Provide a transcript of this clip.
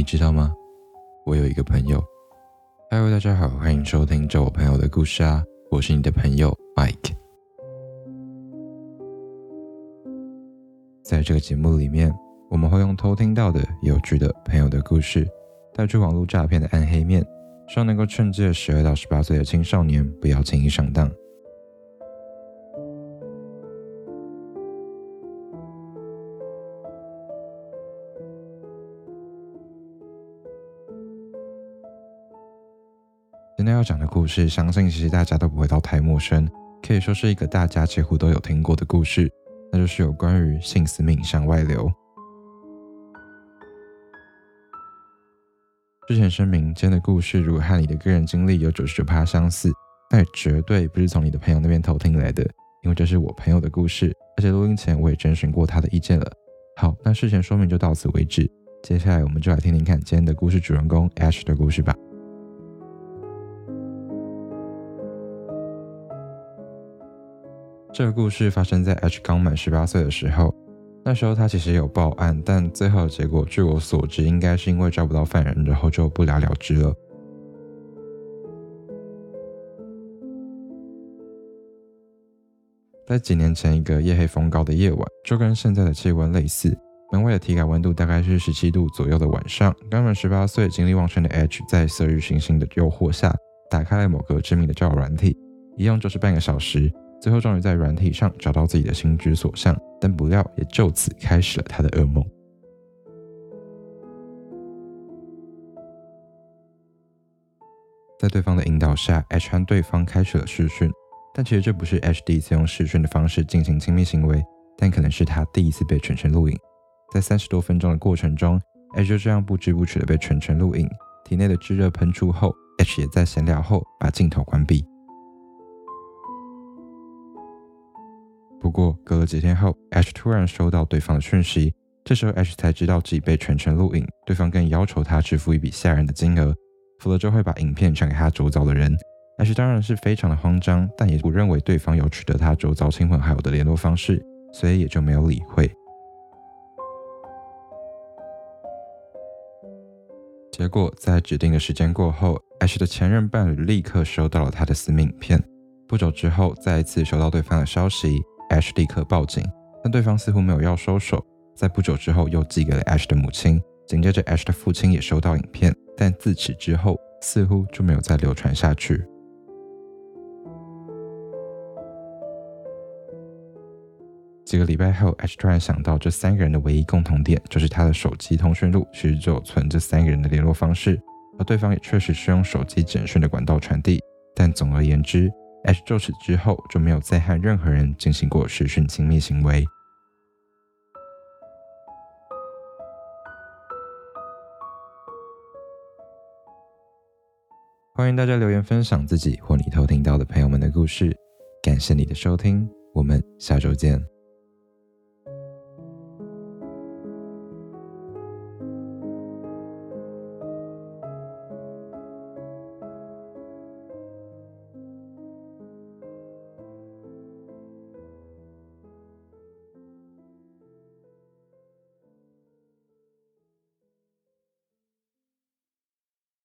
你知道嗎？我有一個朋友。Hello，大家好，歡迎收聽《就我朋友的故事》啊，我是你的朋友 Mike。在這個節目裡面，我們會用偷聽到的有趣的朋友的故事，帶出網絡詐騙的暗黑面，希望能夠勸誡十二到十八歲的青少年不要輕易上當。今天要講的故事，相信其實大家都不會到太陌生，可以說是一個大家幾乎都有聽過的故事，那就是有關於性私密影像外流。事先聲明，今天的故事如果和你的個人經歷有九十九趴相似，那也絕對不是從你的朋友那邊偷聽來的，因為這是我朋友的故事，而且錄音前我也徵詢過他的意見了。好，那事前說明就到此為止，接下來我們就來聽聽看今天的故事主人公 Ash 的故事吧。這個故事發生在 H 剛滿十八歲的時候。那時候他其實有報案，但最後的結果，據我所知，應該是因為抓不到犯人，然後就不了了之了。在幾年前一個夜黑風高的夜晚，就跟現在的氣溫類似，門外的體感溫度大概是十七度左右的晚上，剛滿十八歲、精力旺盛的 H，在色欲熏心的誘惑下，打開了某個致命的交友軟體，一用就是半個小時。最後，終於在軟體上找到自己的心之所向，但不料也就此開始了他的噩夢。在對方的引導下，H 和對方開始了視訊，但其實這不是 H 第一次用視訊的方式進行親密行為，但可能是他第一次被全程錄影。在三十多分鐘的過程中，H 就這樣不知不覺地被全程錄影，體內的炙熱噴出後，H 也在閒聊後把鏡頭關閉。不過，隔了幾天後，H 突然收到對方的訊息，這時候 H 才知道自己被全程錄影，對方更要求他支付一筆嚇人的金額，否則就會把影片傳給他周遭的人。H 當然是非常的慌張，但也不認為對方有取得他周遭親朋好友的聯絡方式，所以也就沒有理會。結果，在指定的時間過後，H 的前任伴侶立刻收到了他的私密影片，不久之後，再一次收到對方的消息。Ash 立刻報警，但對方似乎沒有要收手，在不久之後又寄給了 Ash 的母親。緊接着，Ash 的父親也收到影片，但自此之後似乎就沒有再流傳下去。幾個禮拜後，Ash 突然想到，這三個人的唯一共同點就是他的手機通訊錄其實就存這三個人的聯絡方式，而對方也確實是用手機簡訊的管道傳遞。但總而言之。H 就此之後就沒有再和任何人進行過實質親密行為。歡迎大家留言分享自己或你偷聽到的朋友們的故事。感謝你的收聽，我們下周見。